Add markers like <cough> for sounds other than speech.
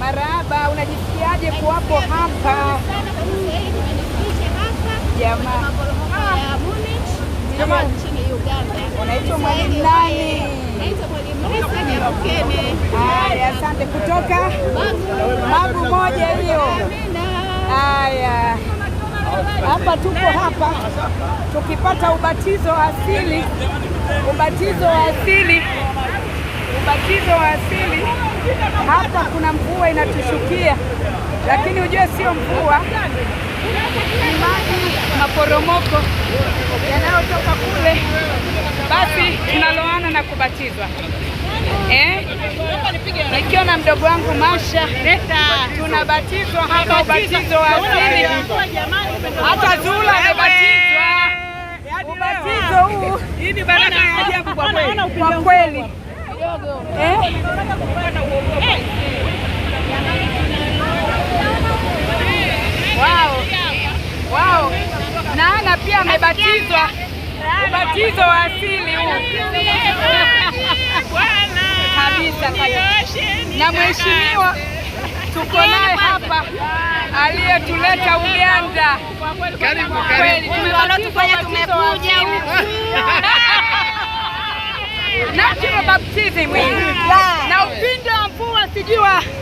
Marahaba, unajisikiaje kuwapo hapa jamaa? Unaitwa mwalimu nani? Haya, asante. Kutoka babu moja hiyo. Haya, hapa tuko hapa tukipata ubatizo asili, ubatizo wa asili, ubatizo wa asili hapa kuna mvua inatushukia, lakini ujue sio mvua, ni maji maporomoko yanayotoka kule. Basi tunaloana na kubatizwa eh? Nikiwa na mdogo wangu Masha tunabatizwa hapa, ubatizo wa asili. Hata Zula amebatizwa ubatizo huu, kwa kweli Naana pia amebatizwa ubatizo wa asili kabisa na mheshimiwa tuko naye hapa aliyetuleta Uganda. Karibu, karibu. tumekuja <laughs> natural baptism na upindo wa mvua sijua